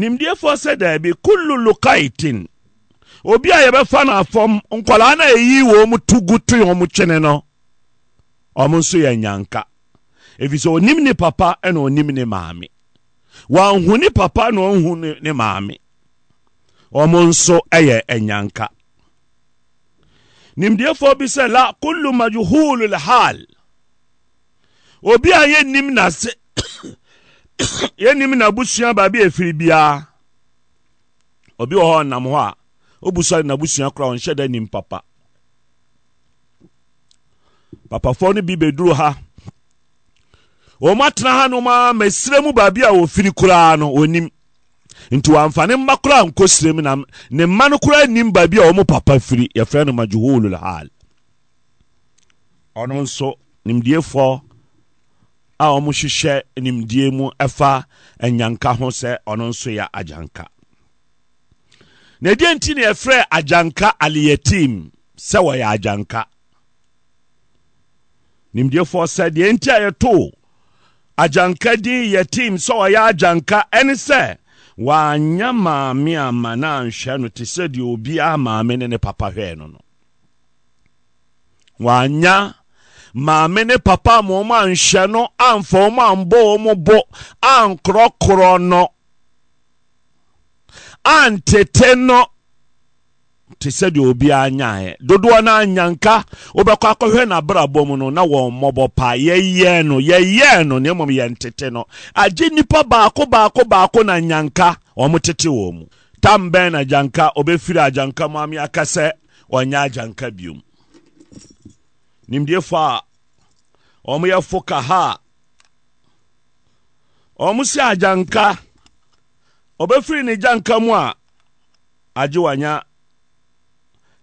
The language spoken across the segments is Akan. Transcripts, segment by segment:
nimdeefoɔ sɛ daabi kulu lukaitin obi a yɛbɛfa no afɔm nkwadaa no ɛyi wɔn mu tugu to wɔn mu kyene no wɔn nso yɛ nyanka efisɛ onim ne papa ɛna onim ne maame wɔnhu ne papa na wɔnhu ne maame wɔn nso yɛ nyanka nimdeefoɔ bi sɛ la kulu majuhulu lhal obi a yɛ nim n'ase yɛnim n'abusua baabi efiri biara obi wɔ hɔ nam hɔ a obusua n'abusua koraa ɔnhyɛ dɛ nim papa papafoɔ no bi bɛduru ha wɔn atena ha noma a mɛsire mu baabi a wɔfiri koraa no onim nti wɔamfa ne mma koraa nkɔ sire mu na ne mma no koraa nim baabi a wɔn papa firi yɛfrɛ no ma majuhulul hal ɔno nso nimdiefoɔ a wɔhyehyɛ nimdie mu ɛfa anyanka ho sɛ ɔno nso yɛ agyanka na ɛdeɛ nti na yɛfrɛ agyanka aliyatim sɛ wɔyɛ agyanka nimdiefoɔ sɛ deɛ nti a yɛtoo agyanka din yatim sɛ wɔyɛ agyanka ɛne sɛ wɔanyɛ maame ama no anhwɛ no te sɛ deɛ obiara maame ne ne papa hwɛɛ no no wɔanya maame ne papa mo ma nhyɛ no amfa wɔn ambɔ wɔn bo ankorɔkorɔ no antete no te sɛ deɛ obiara nyaeɛ dodoɔ no anyanka wobɛkɔ akɔhwɛ n'abrabɔ mu no na wɔn mmɔbɔ paa yɛyɛɛ no yɛyɛɛ no na mmom yɛntete no agye nnipa baako baako baako na nyanka wɔn tete wɔn mu tam na agyanka obɛfiri agyanka mu ame aka sɛ wɔnyɛ agyanka biom nimdeɛ fa a ɔmoyɛ fokaha a ɔmo si agyanka ɔbɛfiri ne gyanka mu a agye wanya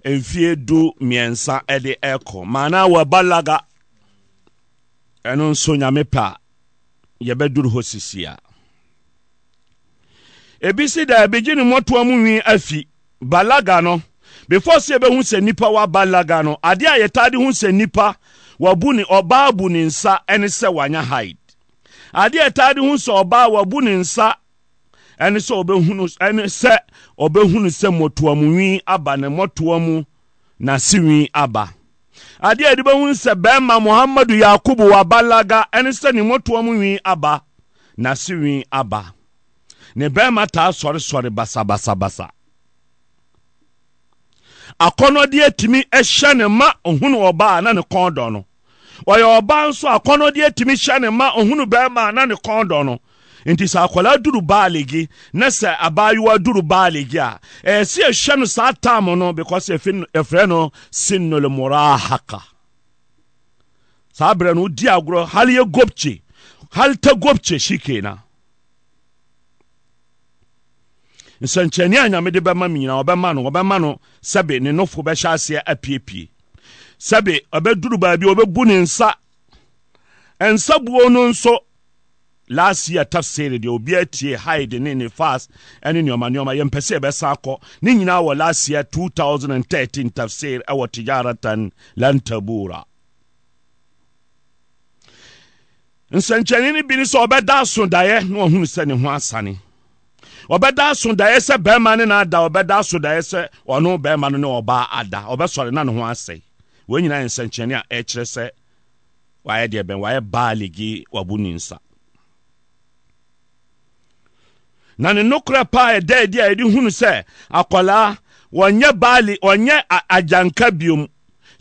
mfie du mmiɛnsa ɛde ɛkɔ maana wɔbalaga ɛno nso nyame pɛ a yɛbɛduru hɔ sisia ebi si da abegye ne mmɔtoa mu nwi afi balaga no before sɛ yɛbɛhu sɛ nipa waba laga no adeɛ a yɛtade hu sɛ nipa wabu ne ɔbaa bu ne nsa ɛne sɛ wanya hide adeɛ ɛtaade ho sɛ ɔbaa wabu ne nsa ɛne sɛ ɔbɛhunu ɛne sɛ ɔbɛhunu sɛ mɔtoamuwi aba ne mɔtoa mu n'asewi aba adeɛ ɛde bɛhunu sɛ bɛrima muhammadu yakubu waba laga ɛne sɛ ne mɔtoa mu wi aba n'asewi aba ne bɛrima taa sɔresɔre basabasabasa akɔnɔdeɛ tumi hyɛ ne ma ohunu ɔbaa na ne kɔn dɔ no ɔyɛ ɔbaa nso akɔnɔdeɛ tumi hyɛ ne ma ohunu bɛrima na ne kɔn dɔ no nti sɛ akwadaa duru baaligi na sɛ abaayewa duru baaligi a ɛsɛ ɛhwɛ no saa taam no because ɛfrɛ no sinolmorahaka saa berɛ no wodi agorɔ hal yɛ gopche hal ta gopche shikena nsɛnkyɛnni a nyame de bɛma me nyinaa ɔbɛma no ɔbɛma no sɛbe ne nofo bɛhyɛ aseɛ apiepie sɛbe ɔbɛduru baabi ɔbɛbu ne nsa nsabuo no nso last year tafsir deɛ obiara tie hide ne ne fast ne nneɛma nneɛma yɛmpɛ sɛ yɛbɛsa akɔ ne nyinaa wɔ last year 2013 tafsir ɛwɔ tijaratan lantabura nsɛnkyɛnni no bi ne sɛ ɔbɛda asodaeɛ na ɔhunu sɛ ne ho asane ɔbɛda so daeɛ sɛ bɛrima ne na ada ɔbɛda so daeɛ sɛ ɔno bɛrima no ne ɔbaa ada ɔbɛsɔre na ne ho asɛe wɔn nyinaa yɛ nsɛnkyerɛnne a ɛkyerɛ sɛ wayɛ deɛ bɛn wayɛ baa ligi wabu ne nsa na ne nokorɛ paa ɛda e adi a yɛde hunu sɛ akwadaa wɔnyɛ baali wɔnyɛ agyanka biom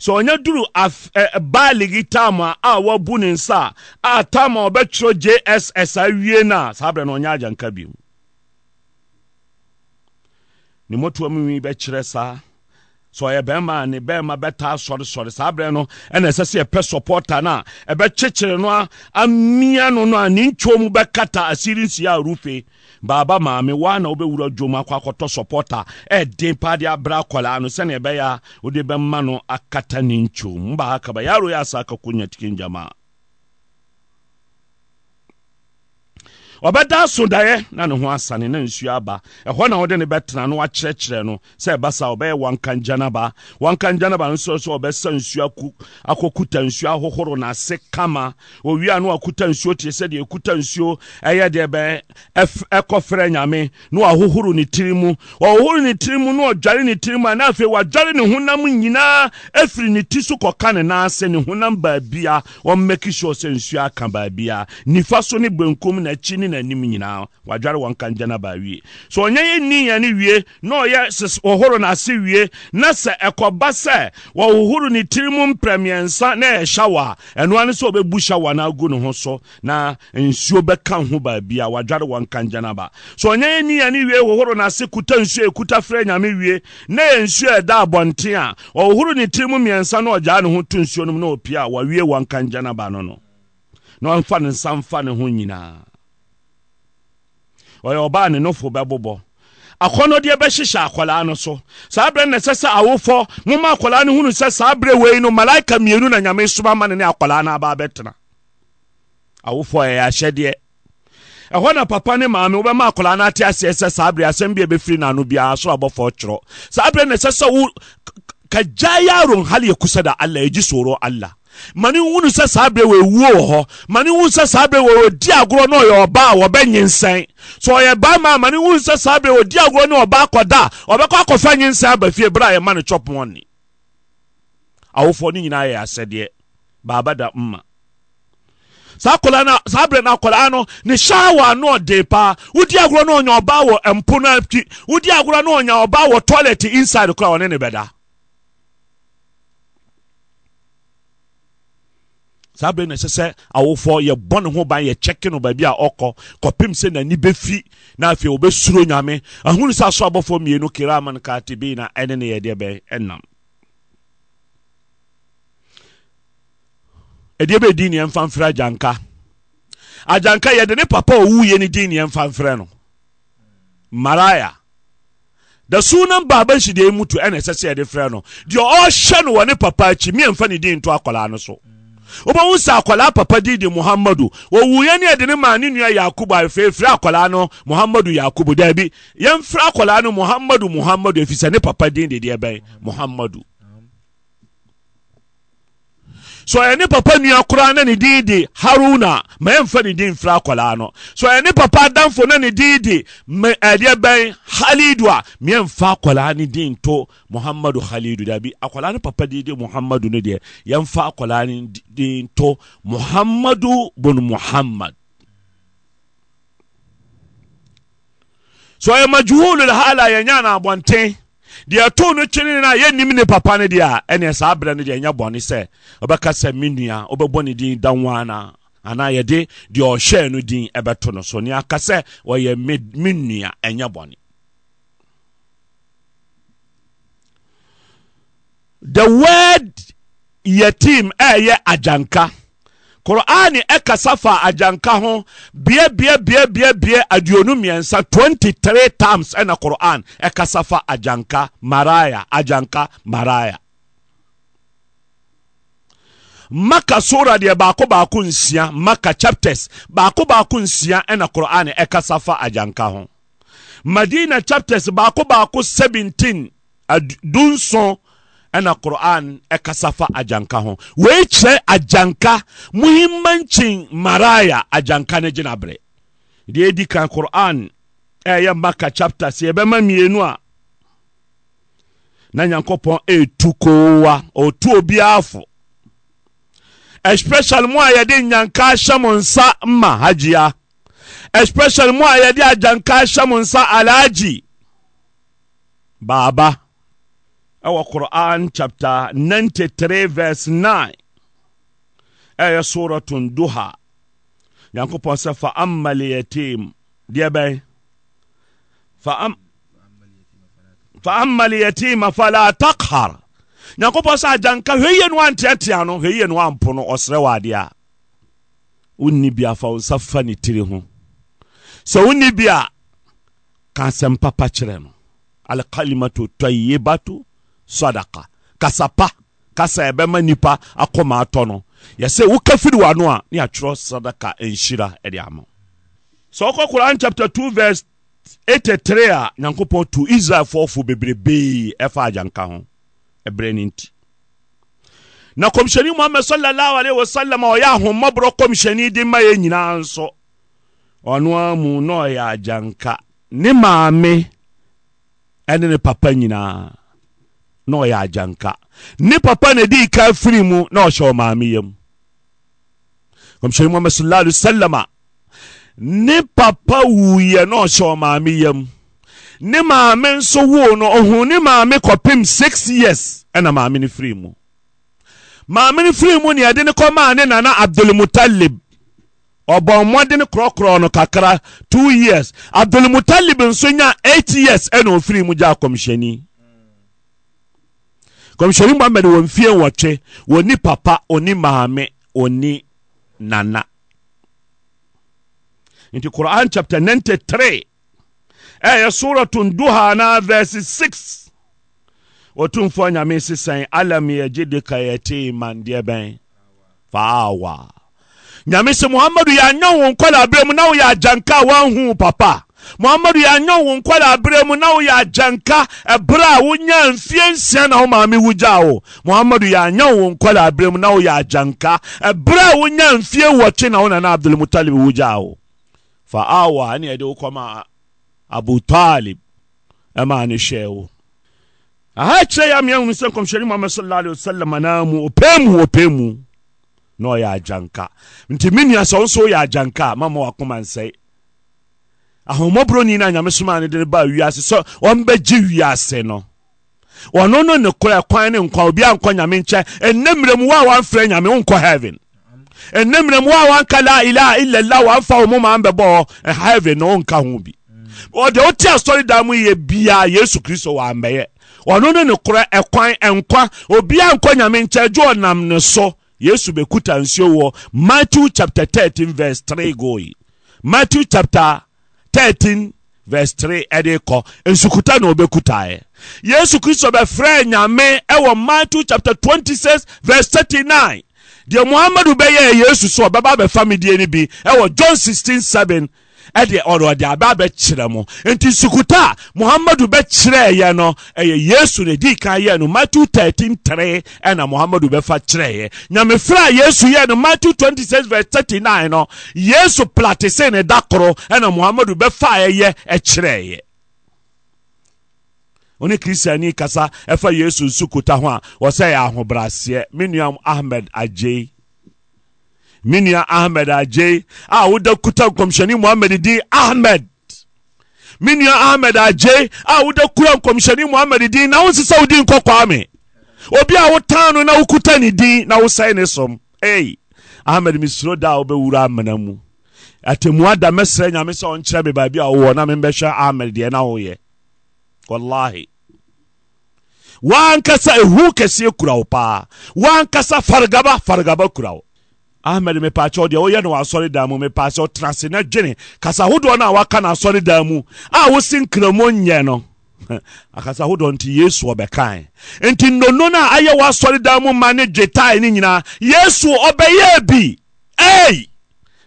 sɛ ɔnyɛ duru e, baaligi tam a a wabu ne nsa a tam a ɔbɛtwerɛ jss awie no saa berɛ no ɔnyɛ agyanka biom ne mmotuo mu nwi bɛkyerɛ saa sɛ ɔyɛ bɛrima a ne bɛrima bɛtaa sɔresɔre saa berɛ no ɛna ɛsɛ sɛ yɛpɛ sɔpɔta no a ɛbɛkyekyere no a amia no no a ne ntwuo mu bɛkata asiri nsia a rufe baaba maame waa na wobɛwura dwom akɔ akɔtɔ sɔpɔta ɛden paa de abrɛ akɔlaa no sɛneɛ ɛbɛyɛ a wode bɛma no akata ne ntwom mbaakaba yɛaro yɛ asa akakɔ nyatikengyama ɔbɛda asodaeɛ na ne ho asane na nsuo aba ɛhɔ na wode ne bɛtena no wakyerɛkyerɛ no sɛ ɛba sa ɔbɛyɛ wankangyanaba wankangyanaba no sɛ sɛ ɔbɛsa nsuo akɔkuta nsuo ahohoro n'ase kama owia no akuta nsuo tie sɛ deɛ ɛkuta nsuo ɛyɛ deɛ bɛ ɛkɔfrɛ nyame na wahohoro ne tiri mu ɔhohoro ne tiri mu na ɔdware ne tiri mu a na afei wadware ne honam nyinaa afiri ne ti so kɔka ne nan ase ne honam baabia ɔmmɛki sɛ nsuo aka baabia nifa so ne benkum n'akyi ne n'anim nyinaa wadware wɔn ka ngyana baa wie so ɔnyɛ yɛ ni yɛn ne wie na ɔyɛ ɔhoro n'ase wie na sɛ ɛkɔba sɛ wɔhohoro ne tiri mu mprɛmiɛnsa na ɛyɛ shawa ɛnoa ne sɛ ɔbɛbu shawa no agu ne ho so na nsuo bɛka ho baabi a wadware wɔn ka ngyana ba so ɔnyɛ yɛ ni yɛn ne wie hohoro n'ase kuta nsuo ekuta frɛ nyame wie na yɛ nsuo ɛda abɔnten a ɔhohoro ne tiri mu mmiɛnsa na ɔgyaa ne ho to nsuo no mu na ɔpia a wɔn ka ngyana ba no no na ɔmfa ne nsa mfa ne ho nyinaa ɔyɛ ɔbaa ne nofo bɛbobɔ akɔnɔdeɛ bɛhyehyɛ akwadaa no so saa berɛ no ɛsɛ sɛ awofɔ moma akwadaa no hunu sɛ saa berɛ wei no malaika mmienu na nyame soma ma ne ne akwadaa no aba abɛtena awofɔ ɛyɛ ahyɛdeɛ ɛhɔ na papa ne maame wobɛma akwadaa no ate aseɛ sɛ saa berɛ asɛm bi a ɛbɛfiri n'ano biara soro abɔfɔ kyerɛ saa berɛ no ɛsɛ sɛ wo kagyae yaro hal da allah ɛgyi soro allah Mani hunu sɛ saa berɛ wɔawuo wɔ hɔ mane hunu sɛ saa berɛ wɔwɔdi agorɔ na ɔyɛ ɔba a wɔbɛnyinsɛn sɛ ɔyɛ bama a mane hunu sɛ saa berɛ wɔdi agorɔ ne ɔba akɔda a ɔbɛkɔ akɔfa nyinsɛn aba fie berɛ a yɛma no twɔpɔnne awofoɔ no nyinaa yɛ asɛdeɛ baaba da mma saa akwadaa na saa abirɛ na akwadaa no ne shawa ano ɔde paa wodi agorɔ na ɔnya ɔbaa wɔ mpo no akyi wodi agorɔ na ɔnya ɔbaa wɔ toilet inside kora ɔne ne bɛda saa bere na ɛsɛ sɛ awofoɔ yɛbɔ ne ho ban yɛkyɛke no baabi a ɔkɔ kɔpem sɛ n'ani bɛfi na afei wɔbɛsuro nyame ahunu sɛ aso abɔfoɔ mmienu kiraman katibina ɛne ne yɛdeɛ bɛn ɛnam ɛdeɛ bɛdi neɛ mfa mfrɛ agyanka agyanka yɛde ne papa ɔwuiɛ no din neɛ mfa mfrɛ no maraya da ba baban shi da ya mutu ɛna ɛsɛ sɛ yɛde no deɛ ɔhyɛ no wɔ papa akyi miɛmfa ne din to akɔlaa no so mm wobɛhu sɛ akwalaa papa din de muhammadu ɔwuiɛ ne ɛde ne maa ne nua yakobo a afeefiri akwalaa no muhammadu yakobo daabi yɛmfiri akwalaa no muhammadu muhammadu ɛfiri e sɛ ne papa din dedeɛ bɛn muhammadu so ɛne eh, papa nua koraa na ne din de haruna mɛmfa ne din mfira akwadaa no so ɛne eh, papa adamfo na ne din de ɛdeɛ eh, bɛn halidu a mɛmfa akwadaa ne din to muhammadu halidu dabi akwadaa ne papa din de muhammadu no deɛ yɛmfa akwadaa ne din to muhammadu bun muhammad so ɛyɛ majuhulu hala yɛnya na abɔnten deɛ ɛto no kyene no a yɛnim ne papa no deɛ a ɛneɛ saa berɛ no deɛ ɛnyɛ bɔne sɛ ɔbɛka sɛ me nua wobɛbɔ ne din da wo ana anaa yɛde deɛ ɔhyɛɛ no din ɛbɛto no so ne aka sɛ ɔyɛ me nua ɛnyɛ bɔne the word yatim ɛyɛ agyanka Quran ɛkasa fa ajanka ho bie bie bie bie bie aduonu mmiɛnsa twenty three times ɛna Quran ɛkasa fa ajanka maraya ajanka maraya. Maka sura deɛ baako baako nsia Maka chapters baako baako nsia ɛna Quran ɛkasa fa ajanka ho. Madina chapters baako baako seventeen dunson ɛna quran ɛkasafa agyanka ho wei kyerɛ agyanka mohimma nkyin maraia agyanka no gyinaberɛ deɛ ɛdi kan qoran ɛyɛ maka chapter sɛ yɛbɛma mmienu a na nyankopɔn ɛtu koa ɔtuobiaa fo especial mu a yɛde nnyanka hyɛm nsa ma hagia especial mu ayɛde agyanka ahyɛm nsa alagi baaba ɛwɔ quran chapter 93 verse 9 ɛyɛ suratun duha nyankopɔn sɛ fa amma liyatim deɛ bɛn fa am fa fala takhar nyankopɔn sɛ agyanka hwɛyie no anteatea no hwɛyie no ampo no ɔserɛ wɔ adeɛ a wonni bia afa wo nsa fa ne tiri ho sɛ wonni bi a ka asɛm papa kyerɛ no alkalimatu tayibatu sadaka kasa pa kasa ɛbɛma nipa akɔma atɔ no yɛsɛ woka firi wano a ne atwerɛ sadaka nhyira ɛde ama sɛ ɔkɔ koran chapter 2 verse 83 a nyankopɔn to israelfoɔfo bebrebee ɛfa agyanka ho ɛberɛ no nti na kɔmhyɛni muhammad sallallahu alaihi wasallam a ɔyɛ ahommɔborɔ kɔmhyɛni de ma yɛ nyinaa nso ɔno a mu na ɔyɛ agyanka ne maame ɛne ne papa nyinaa na ɔyɛ agyanka ne papa na ɛdii ka firi mu na ɔhyɛ ɔmaame yam kɔmhyɛni muhammad sallallahu alaihi wasallam a ne papa wuyɛ na ɔhyɛ ɔmaame yam ne maame nso woo no ɔhun ne maame kɔpem six years ɛna maame no firi mu maame no firi mu nea ɛde ne kɔmaa ne nana abdulmutalib ɔbɔn mmɔden korɔkorɔ no kakra two years abdulmutalib nso nya eight years ɛna ofiri mu gya akɔmhyɛni kɔmhyɛni mohamad wɔ mfie nwɔtwe wɔni papa ɔni maame ɔni nana nti quran chapter 93 ɛyɛ eh, suratun duha na verse 6 ɔtumfoɔ nyame sesan alam yɛgyedeka yɛtiman deɛ bɛn faawa nyame sɛ mohamado yɛanyɛ wo nkɔla mu na woyɛ agyanka a woahu papa muhammadu yɛanyɛ wo nkwada aberɛ mu na woyɛ agyanka ɛbrɛ a wonya mfie nsia na wo maame wogyaa wo muhammadu yɛanyɛ wo nkwada aberɛ mu na woyɛ agyanka ɛbrɛ a wonya mfie wɔkye na wo nana abdulmutalib gya wo fa awa ne yɛde wo kɔma abu talib ɛma ne hyɛɛ wo aha kyerɛ yɛ ameahunu sɛ nkɔmhyɛne muhammad sala alaihi wasalam anaa mu ɔpɛɛ mu ɔpɛ mu na ɔyɛ agyanka nti me nua sɛ wo nso woyɛ agyanka ma ma wakoma nsɛe ahomɔborɔni na a nyame somaa no de no baa wiase wiase no ɔno no ne korɛ kwan ne nkwa obi ankɔ nyame nkyɛn ɛnɛ mmerɛ mu wo a wamfrɛ nyame wonkɔ heaven ɛnɛ mmerɛ mu wo a wanka la ilaha illallah wamfa wo moma mbɛbɔ heaven no wonka ho bi ɔde wote asɔre da mu yɛ biaa yesu kristo wambɛyɛ ɔno no ne korɛ ɛkwan ɛnkwa obia nkɔ nyame nkyɛn gye ɔnam ne so yesu bɛkuta nsuo wɔ matthew chapter thirteen verse three goyi matthew chapter 13 verse 3 ɛde kɔ nsukuta na obɛkutaeɛ yesu kristo bɛfrɛ nyame ɛwɔ matthew chapter 26 verse 39 deɛ muhammadu bɛyɛɛ yesu so ɔbɛba bɛfa medie no bi ɛwɔ john 16 7 ɛde ɔde ɔde aba bɛkyerɛ mo nti sukuta muhammadu bɛkyerɛ yɛ no ɛyɛ yesu ne di kan yɛ no matthew thirteen three ɛna muhammadu bɛfa kyerɛ yɛ nyamefra yesu yɛ no matthew twenty six verse thirty nine no yesu plate se ne da ɛna muhammadu bɛfa yɛ ɛkyerɛ yɛ one kristiani kasa ɛfa yesu sukuta ho a wɔsɛ yɛ ahobraseɛ me ahmed agyei me nua ahmed agye a woda kuta nkɔmhyɛne mohamed din ahmed me nua ahmed agye a woda kura nkɔmhyɛne mohamed din na wo nsesa wo din nkɔkɔa me obi a wotaa no na wokuta ne din na wosɛe ne som ei ahmed mesuro da a wobɛwura amena mu atemua da mɛsrɛ nyame sɛ ɔnkyerɛ me baabi a wowɔ na membɛhwɛ ahmed deɛ na woyɛ wallahi wankasa ehu kɛseɛ kura wo paa wankasa fargaba fargaba kura wo ahmed mepakyɛ deɛ woyɛ no w'asɔre dan mu mepakyɛ ɔtena ase na dwene kasa ahodoɔ no a waka no asɔre dan mu a ah, wosi nkramo nyɛ no akasa ahodoɔ nti yesu ɔbɛkae nti nnono no a ayɛ w'asɔre dan mu ma ne dwetae no nyinaa yesu ɔbɛyɛɛ bi ei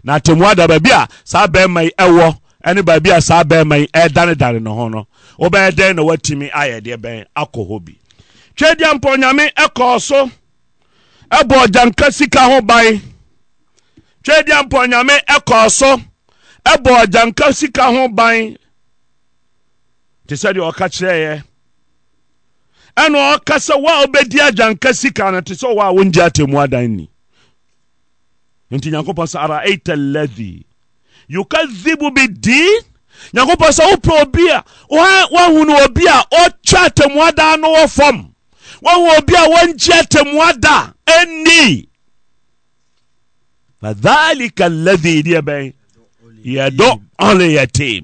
na atemmu ada baabi a saa bɛrima yi ɛwɔ ɛne baabi a saa bɛrima yi ɛdanedane ne ho no wobɛyɛ dɛn na woatumi ayɛ deɛ bɛn akɔ hɔ bi twɛdiampɔ nyame ɛkɔɔ so ɛbɔ ɔgyanka sika ho ban twedia mpɔ nyame ɛkɔɔ so ɛbɔ agyanka sika ho ban te sɛdeɛ ɔka kyerɛeɛ ɛna ɔka sɛ wa a wobɛdi sika no te sɛ wɔ a wongye adan ni nti nyankopɔn sɛ araita alladhi yukadhibu bidin sɛ wopɛ obi a woahu obi a ɔtwa obi a fadhalika alladhi deɛ bɛn yɛdɔ ɔne yɛtim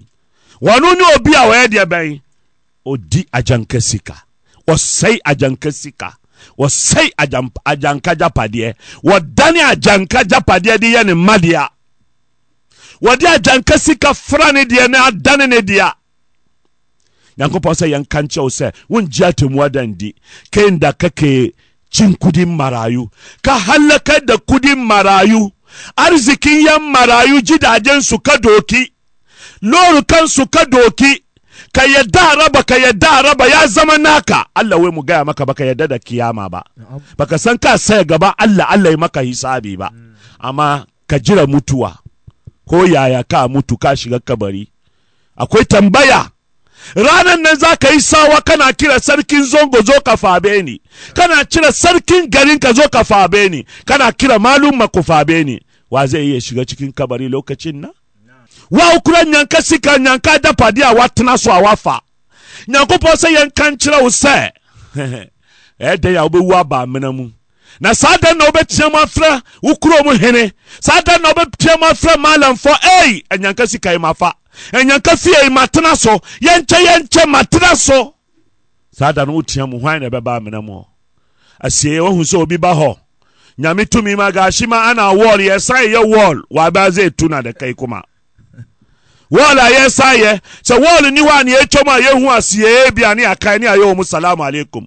wɔno ne obi a wɔyɛ deɛ bɛn ɔdi agyanka sika ɔsɛe agyanka sika wɔsɛe agyanka gyapadeɛ wɔdane agyanka gyapadeɛ de yɛ ne mma deɛ a wɔde agyanka sika fra ne deɛ ne adane ne deɛ nyankopɔn sɛ yɛnka nkyɛ wo sɛ wongye atemmu adandi kenda kake kyinkudi mmarayu ka halaka da kudi mmarayu arzikin yan marayu gidajensu ka doki kansu ka doki ka yadda raba ka yadda raba ya zama naka Allah wai mu gaya maka baka yadda da kiyama ba baka san ka saya gaba Allah Allah ya maka hisabi ba hmm. amma ka jira mutuwa ko yaya ka mutu ka shiga kabari akwai tambaya ranan nan za ka yi sawa kana kira sarkin zongo zo ka fabe ni kana kira sarkin garin ka zo ka fabe ni kana kira malum ku fabe ni wa zai iya shiga cikin kabari lokacin nan wa ukura nyanka sika nyanka da padi a watna so a wafa sai sɛ yɛnka nkyerɛ wo sɛ ɛdɛn a wa ba mena mu na sada da na wobɛteam afrɛ wo ukuro mu hene saa da na wobɛteam malam maalamfɔ ei eh, nyanka sika yi e mafa ɛnyanka fie matena so yɛnkyɛ yɛnkyɛ matena so saa da no wotia mu hwan na ɛbɛba amena mu asieɛ wahu sɛ obi ba hɔ nyame tumi ma gahye ma ana wall yɛsae yɛ wall wɔabaa sɛ ɛtu no adaka yi koma wɔl a yɛsae sɛ wɔl ni hɔ a ne yɛtwam a yɛhu asieɛ bia ne akae ne ayɛ wɔ mu salamu alaikum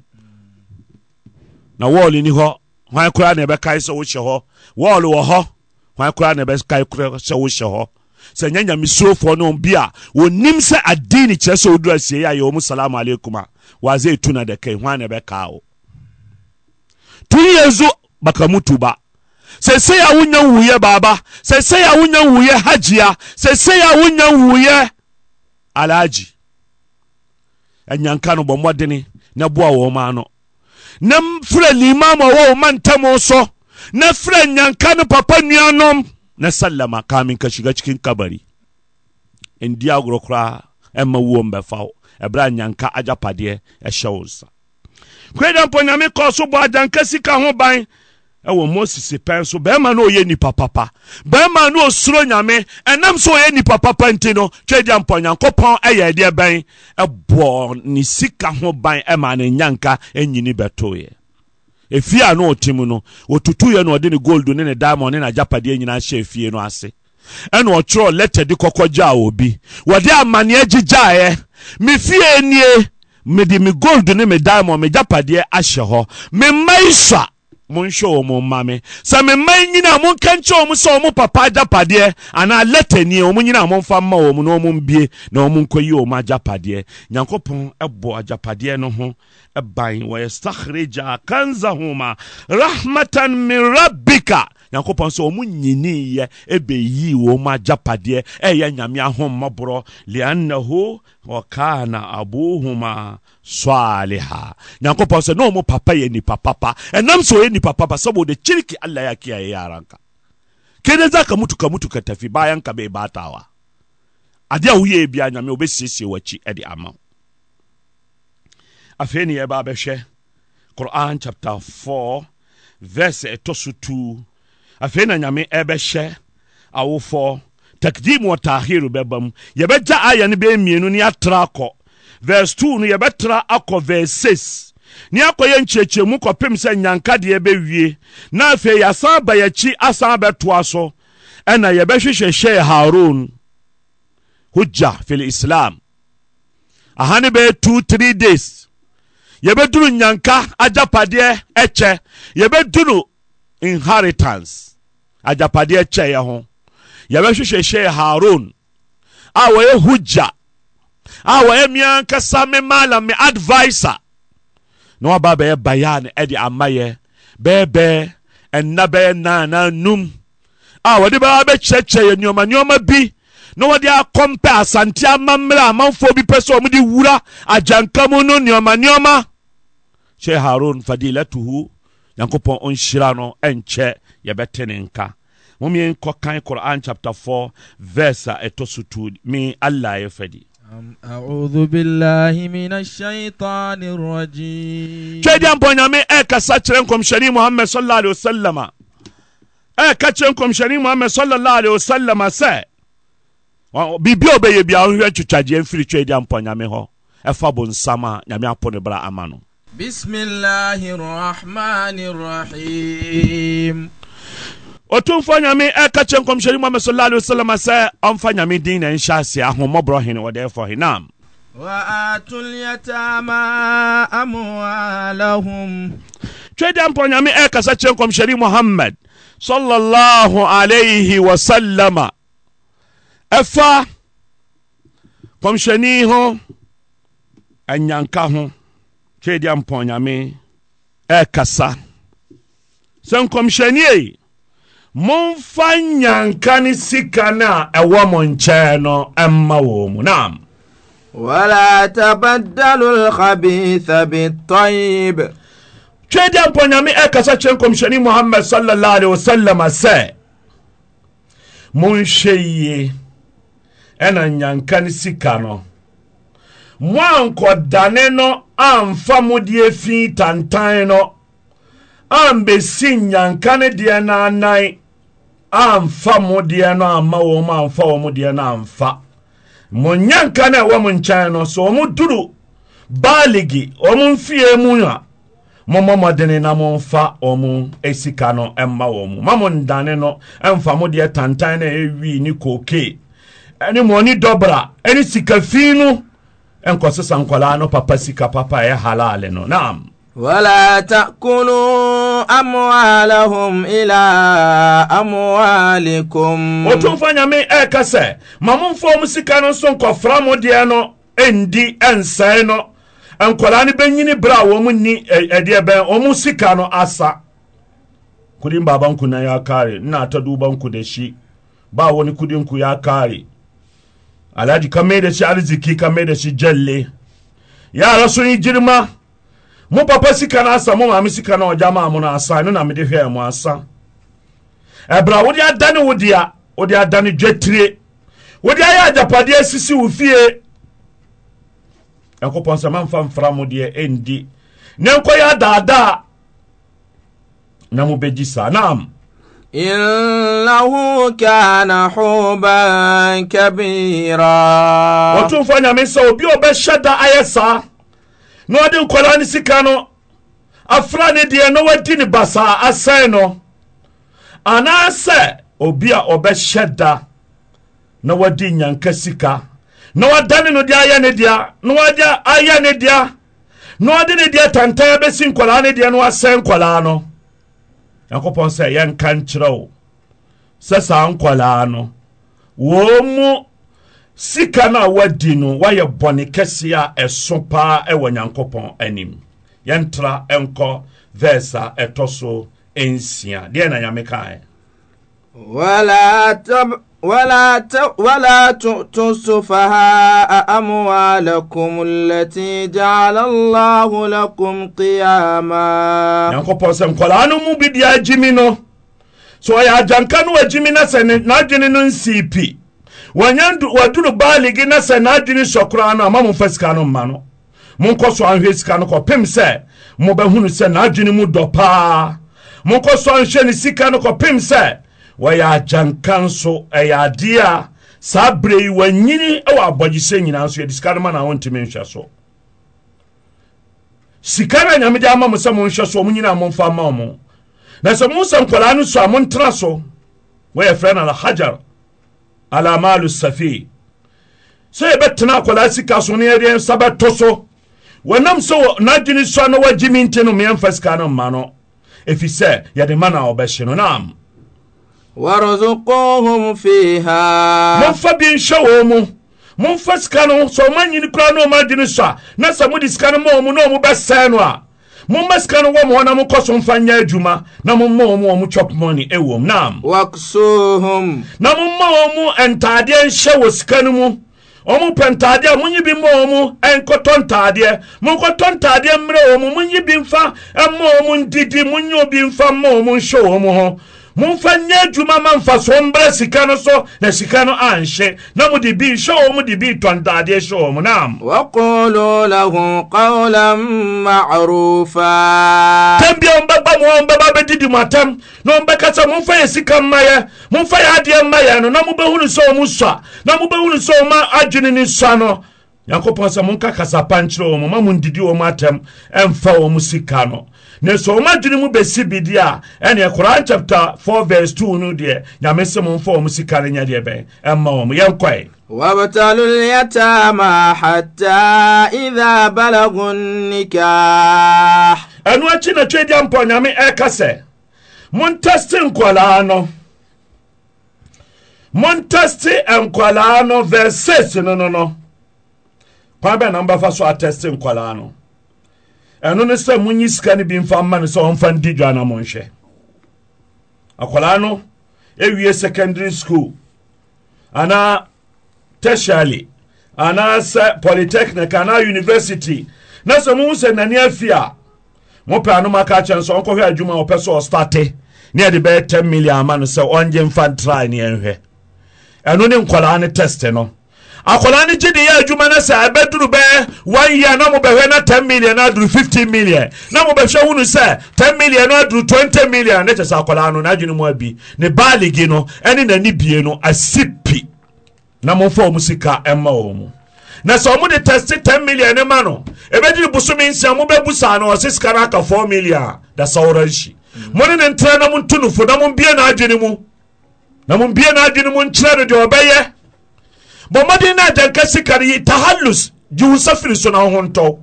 na wɔl ni hɔ hwan koraa na ɛbɛkae sɛ wohyɛ hɔ wɔl wɔ hɔ hwan koraa na ɛbɛkae sɛ wohyɛ hɔ sɛ nyɛ nyamesurofoɔ no bi a wɔnim sɛ adin ne kyerɛ sɛ woduru asiei a yɛwɔ mu salamu alaikum a wɔadze ɛtu na dɛkai hwan na ɛbɛkaa wo tuniyɛ zo bakamutu ba wonya nwuyɛ baaba sɛsei wonya nwuyɛ hagyia sɛsei wonya nwuyɛ alaagye ɛnyanka no bɔ mmɔdene na boa wɔ ma ano na mfrɛ limam ɔwɔ wo ma ntam so na frɛ nyanka no papa nuanom na sallama kamin ka shiga cikin kabari in di agorɔ koraa ɛma wuo mbɛfa wo ɛberɛ a nyanka agyapadeɛ ɛhyɛ wo nsa kweda mpo nyame kɔɔ aja bɔ adanka sika ho ban ɛwɔ moses pɛn so bɛrima na ɔyɛ nipa papa bɛrima na ɔsuro nyame ɛnam sɛ ɔyɛ nipa papa nti no twɛdia mpɔ nyankopɔn ɛyɛ ɛdeɛ bɛn ɛbɔɔ ne sika ho ban ɛma ne nyanka ɛnyini bɛtoeɛ efie a na ɔte mu no ɔtutuyɛ na ɔde ne gold ne ne diamond ne n'agyapadeɛ nyinaa hyɛ efie no ase ɛna ɔtwerɛ lɛtɛ de kɔkɔ gyaa obi wɔde amaneɛ gyegyaeɛ me fie nie mede me gold ne me diamond me gyapadeɛ ahyɛ hɔ me mma yi sua monhwɛ ɔmo mma me sɛ memma nyina monka nkyɛ ɔm sɛ ɔmo papa agyapadeɛ anaa lɛtanie ɔmo nyina momfa mma ɔm na ɔmo mbie na ɔmo nkɔyi ɔm agyapadeɛ nyankopɔn ɛbɔ agyapadeɛ no ho ban wɔyɛstahrija kanzahoma rahmatan min rabbika nyankopɔn sɛ ɔmo nyiniiɛ ɛbɛyii wɔm agyapadeɛ ɛyɛ nyame ahommɔborɔ liannahu wa kana abuhuma saliha nyankopɔn sɛ na ɔmo papa yɛ nipa papa ɛnam e, sɛ ɔyɛ nipa papa sɛ de kyiriki allah ya kiyaye yaran ka kene za ka mutu ka mutu ka tafi bayan ka bai batawa ade a woyɛ bia nyame wobɛsiesie w'akyi ɛde ama wo afei ne yɛba bɛhwɛ quran chapter 4 verse ɛtɔ so 2 afei na nyame ɛbɛhyɛ awofoɔ takdim wa tahiru bɛba mu yɛbɛgya ayɛ no bɛyɛ mmienu ne atra akɔ verse two no yɛbɛtra akɔ verse six ne akɔyɛ nkyerɛkyerɛmu kɔpem sɛ nyankadeɛ bɛwie na afei yɛasan aba yɛkyi asan bɛtoa so ɛna yɛbɛhwehwɛ haron hujja fil islam aha ne bɛyɛ two three days yɛbɛduru nyanka agyapadeɛ ɛkyɛ yɛbɛduru inheritance agyapadeɛ kyɛ yɛ ho yɛbɛhwehwɛ hyɛ haron a wɔyɛ hugya a wɔyɛ mia nkasa me maala me advisor na waba bɛyɛ bayan ɛde amayɛ bɛɛbɛɛ ɛnna bɛyɛ naana num a wɔde bɛyɛ abɛkyerɛkyerɛ yɛ nneɛma nneɛma bi na wɔde akɔmpɛ asante amammerɛ amanfoɔ bi pɛ sɛ wɔde wura agyanka mu no nneɛma nneɛma hyɛ haron fadilatuhu nyankopɔn ɔnhyira no ɛnkyɛ yɛbɛte ne nka momeɛ nkɔkan quran chapter 4 verse a ɛtɔ so tu me allah yɛ fadi أعوذ بالله من الشيطان الرجيم كيدي أم بنيامي إيكا ساترنكم شري محمد صلى الله عليه وسلم إيكا ترنكم شري محمد صلى الله عليه وسلم سي biribi a ɔbɛyɛ bia wohwɛ twitwagyeɛ mfiri twa adi ampɔ nyame hɔ ɛfa bo nsam a nyame apɔ ne bra ama no bismillahi rahmani rahim ɔtumfoɔ nyame ɛka kyɛ nkɔmhyɛni muhammad sallallahu alaihi wasallam sɛ ɔmfa nyame din na nhyɛ ase ahommɔborɔ hene ɔdɛɛfɔ henam وآتوا اليتامى أموالهم twɛdeɛ mpɔ nyame ɛkasa kyerɛ nkɔmhyɛne mohammad sallallahu alaihi wasallama ɛfa kɔmhyɛni ho anyanka ho twɛdeɛ mpɔ nyame ɛkasa sɛ nkɔmhyɛnie momfa nnyanka ne sika no a ɛwɔ mo nkyɛɛ no ɛmma wɔ mu naam twɛ deɛ mpɔ nyame ɛkasɛkyeɛnkɔmhyɛni mohammad salla i wasalem sɛ monhwɛ iyi ɛna nnyanka ne sika no mo ankɔdane no amfa modeɛ fii tantan no ambɛsi nnyankane deɛ naanan amfa mo deɛ no amma wɔn amfa wɔn deɛ no amfa mo nyanka no a ɛwɔ mo nkyɛn no so wɔn duru baaligi wɔn mfie mu a mommɔmɔdene na momfa ɔmo sika no mma wɔ mu ma mo ndane no ɛmfa mo deɛ tantan no ɛwii ne kookee ɛne mɔni dɔbra ɛne sika fii no ɛnkɔsesa nkɔlaa no papa sika papa ɛyɛ halale no naam ولا تأكلوا أموالهم إلى أموالكم ɔtumfo nyame ɛka sɛ ma momfa mu sika no nso nkɔfra mo deɛ no ɛndi ɛnsɛe no nkɔlaa no bɛnyini berɛ a wɔ mu ni ɛdeɛ bɛn wɔ mu sika no asa kudin baban ku na ya kare ina ta duban ku da shi ba wani kudin ku ya kare alhaji ka mai da shi arziki ka mai da mo papa sika no asa mo maame sika no ɔgya maa mo no asa ɛno na mede hwɛɛ mo asa ɛbra wode adane wo dea wode adane dwatire wode ayɛ agyapadeɛ asisi wo fie ɛnkopɔn sɛ mamfa mfra mo deɛ ɛndi ne nkɔyɛ adaadaa na mobɛgyi saa naam innahu kana huban kabira wɔtomfa nyame sɛ obi ɔbɛhyɛ da ayɛ saa na ɔde nkwadaa ne sika no afra ne deɛ na wadi ne basaa asɛn no anaasɛ obi a ɔbɛhyɛ da na wadi nyanka sika na wadane no de ayɛ ne dea na wade ayɛ ne dea na ɔde ne deɛ tantan bɛsi nkwadaa ne deɛ na wasɛn nkwadaa no nyankopɔn sɛ yɛnka nkyerɛ wo sɛ saa nkwadaa no wɔn mu sika no a woadi no woayɛ bɔne kɛseɛ a ɛso paa ɛwɔ nyankopɔn anim yɛntra ɛnkɔ verse a ɛtɔ so ɛnsia deɛ na nyame kaɛ ولا ت... ولا تؤتوا السفهاء أموالكم التي جعل الله لكم قياما nyankopɔn sɛ nkɔlaa no mu bi deɛ agyimi no sɛ ɔyɛ agyanka no agyimi na sɛ n'adwene no waduru baa ligi na sɛ n'adwene sɔ koraa no a ma momfa sika no mma no monkɔ so anhwɛ sika no kɔpem sɛ mobɛhunu sɛ n'adwene mu dɔ paa monkɔ so anhwɛ ne sika no kɔpem sɛ wɔyɛ agyanka nso ɛyɛ adeɛ a saa berɛ yi wanyini wɔ abɔgyesɛ nyinaa nso yɛde sika no ma na wontumi nhwɛ so sika no a nyame ama mo sɛ monhwɛ so ɔmo nyinaa momfa ma ɔmo na sɛ mo sɛ nkwadaa no so a montena so wɔyɛ frɛ no alhajar alamalu safi sɛ yɛbɛtena akwadaa sika so ne yɛde nsa bɛto so wɔnam sɛ n'adwene sua na wagyimi nti no meɛmfa sika no mma no ɛfiri sɛ yɛde ma no a wɔbɛhye no nam warzuqhum fiha momfa bi nhyɛ wɔ mu momfa sika no sɛ ɔma nyini koraa na ɔma adwene sua na sɛ mode sika no ma ɔ mu na ɔmu bɛsɛe no a momma sika no wɔ mo hɔ na mokɔ so mfa nyɛ adwuma na momma wɔ mu wɔ mo chop money ɛwom nam waksohum na momma wɔ mu ntadeɛ nhyɛ wɔ sika no mu ɔmo pɛ ntaadeɛ a monyi bi mma mu nkɔtɔ ntaadeɛ monkɔtɔ ntaadeɛ mmerɛ wɔ mu monyi bi mfa mma wɔ mu ndidi monyi obi mfa mma wɔ mu nhyɛ wɔ mu ho momfa nyɛ adwuma ma mfa so mbrɛ sika no so na sika no anhyɛ na mode bi nhyɛ wɔ mu de bi tɔntaadeɛ hyɛ wɔ mu nam وقولوا له قولا معروفا tɛm bia ɔmbɛba mo a ɔmbɛba bɛdidi mo atam na ɔmbɛka sɛ momfa yɛ sika mma momfa yɛ adeɛ mma no na mobɛhunu sɛ ɔ mu sua na mobɛhunu sɛ ɔ ma adwene ne sua no nyankopɔn sɛ monka kasapa nkyerɛ wɔ mu ma mondidi wɔ mu atam ɛmfa wɔ mu sika no ne sɛ ɔma adwene mu bɛsi bidi a ɛne koran chapta 4 verse 2 no deɛ nyame se mo mfa ɔ m sika no nyɛ deɛ bɛn ɛma wɔ m yɛnkɔe وابتلوا اليتامى حتى إذا بلغوا النكاح ɛno akyi na twɛdi ampɔ nyame ɛka sɛ montɛste nkwalaa no montɛste nkwalaa no verse 6 no no no kwan bɛn na so atɛste nkwalaa no ɛno ne sɛ monyi sika no bi mfa mma no sɛ ɔmfa ndi dwa na monhwɛ akwadaa no ewie secondary school anaa tertiary anaa sɛ polytechnic anaa university na sɛ mo sɛ nani afi a mo pɛ anoma ka kyɛn sɛ ɔnkɔhwɛ adwuma a ɔpɛ sɛ ɔstarte ne yɛde bɛyɛ ten million ama no sɛ ɔngye mfa ntra ne yɛnhwɛ ɛno ne nkwadaa ne test no akwadaa no gye ne yɛ adwuma no sɛ ɛbɛduru bɛɛ one year na mo mobɛhwɛ na ten million na aduru 50 million na mo mobɛhwɛ wunu sɛ ten million na aduru twenty million ne kyɛ sɛ akwadaa no n'adwene mu abi ne baaligi no ɛne n'ani bie no asi pi na momfa ɔm sika ɛma wɔ mu na sɛ ɔmo de tɛste ten million ne ma no ɛbɛduru bosome nsia mobɛbu saa no ɔse sika no aka million da sɛ wora mo ne ne ntrɛ na monto no fo na mombie n'adwene mu na mombie n'adwene mu nkyerɛ no deɛ ɔbɛyɛ bɔamɔden na agyanekɛ sikare yi tahalus dehu nsa firi so no wo ho ntɔw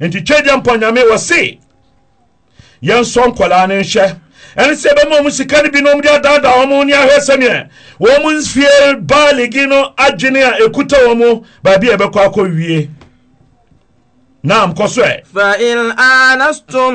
enti kyɛdyɛ pɔ nyame wɔ se yɛnsɔ nkɔlaa ne nhyɛ ɛne sɛ ɛbɛma m sika ne binoɔmde adaadaa wɔm ne ahwɛ sɛneɛ wɔnm nsie baaligi no adwene a ɛkuta wɔn mu baabi a ɛbɛkɔ akɔ wie naam kɔ so ɛ. fa in anastum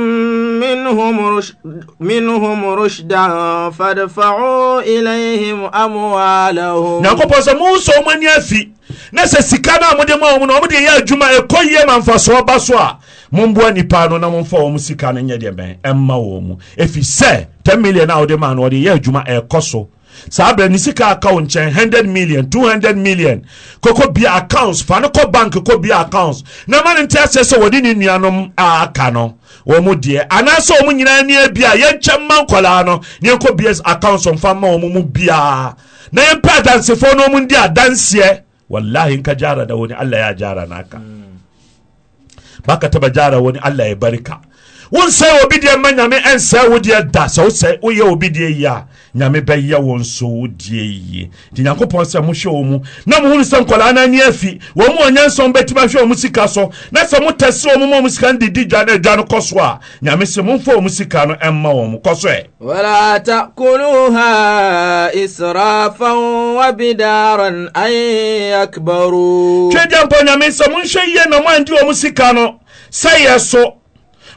minhum rushdan fadfa'u ilayhim amwalahum. nyankopɔ sɛ mo nsɔ ɔmo ani afi na sɛ sika no a mode ma ɔmo no ɔmo de yɛ adwuma ɛkɔ yie ma mfasoɔ ba so a momboa nipa no na momfa wɔn sika no nyɛ deɛ bɛn ɛmma wɔn mu efi sɛ ten million a wɔde ma no wɔde yɛ adwuma ɛkɔ so. saa berɛ ne sika account nkyɛn 100 million 200 million kɔkɔ bia accounts fa no kɔ bank kɔ bia accounts na ma ne nte aseɛ sɛ wɔde ne nuanom a aka no wɔ mu deɛ anaasɛ ɔmu nyinaa ne abi a yɛnkyɛ mma nkɔlaa no ne yɛnkɔ bia accounts ɔmfa ma ɔmo mu biaa na yɛmpɛ adansefoɔ no ɔmu ndi adanseɛ wallahi nka jara da wani allah ya jara naka hmm. baka taba jara wani allah yɛ barika wonsɛe obi deɛ ma nyame ɛnsɛe wo deɛ da sɛ wosɛ woyɛ obi deɛ yie a nyame bɛyɛ wo nso wo deɛ yie nti nyankopɔn sɛ mohwɛ wɔ mu na mohunu sɛ nkɔlaa no ani afi wɔ mu ɔnyanson bɛtumi ahwɛ wɔ mu sika so na sɛ motɛ se wɔ mu ma ɔmu sika no didi dwa no adwa no kɔ so a nyame sɛ momfa wɔ mu sika no ɛmma wɔ mu kɔ so ɛ ولا تأكلوها إسرافا وبدارا أن يكبروا. Twede ampa nyame sɛ monhwɛ yie na moandi wɔ mu sika no sɛ yɛ so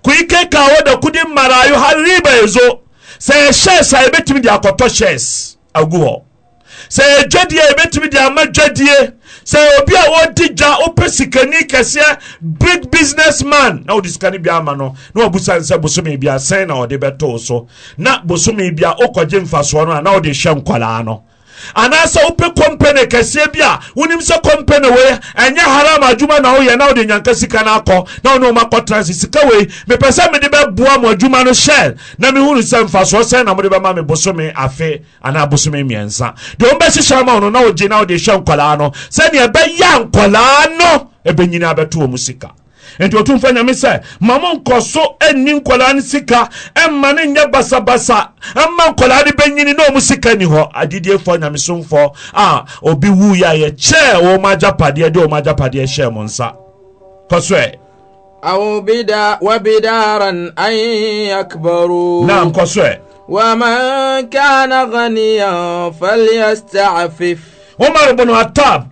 ku yi kai kawo da kudin marayu har riba ya zo sɛ shares a yɛbɛtumi de akɔtɔ shares agu hɔ sɛ dwadie a yɛbɛtumi de ama dwadie sɛ obi a wɔdi gya wopɛ sikani kɛseɛ big business man na wode sikani bi ama no na wabusa sɛ bosome bi asɛn na wɔde bɛtoo so na bosome bi a wokɔgye mfasoɔ no a na wode hyɛ nkwalaa no anaasɛ wopɛ kɔmpɛne kɛseɛ bi a wonim sɛ kɔmpɛne wei ɛnyɛ haram adwuma na woyɛ na wode nyanka sika no akɔ na wone woma kɔtena se sika wei mepɛ sɛ mede bɛboa mo adwuma no hyɛ na mehunu sɛ mfasoɔ sɛn na mode bɛma me bosome afe anaa bosome mmiɛnsa deɛ wombɛhyehyɛ ma wo no na wogye na wode hyɛ nkɔlaa no sɛneɛ ɛbɛyɛ nkɔlaa no ɛbɛnyini abɛto wɔ mu sika nti ɔtumfa nyame sɛ ma mo nkɔ so anni nkɔlaa no sika ɛma ne nyɛ basabasa ɛma nkɔlaa no bɛnyini na ɔmu sika ni hɔ adidiefɔ nyamesomfɔ a obi wuiɛ a yɛkyɛɛ wɔ m agyapadeɛ de wɔ m agyapadeɛ hyɛɛ mo nsa kɔ so ɛ أو بدا وبدارا أن يكبروا نعم قصوى ومن كان غنيا فليستعفف عمر بن الخطاب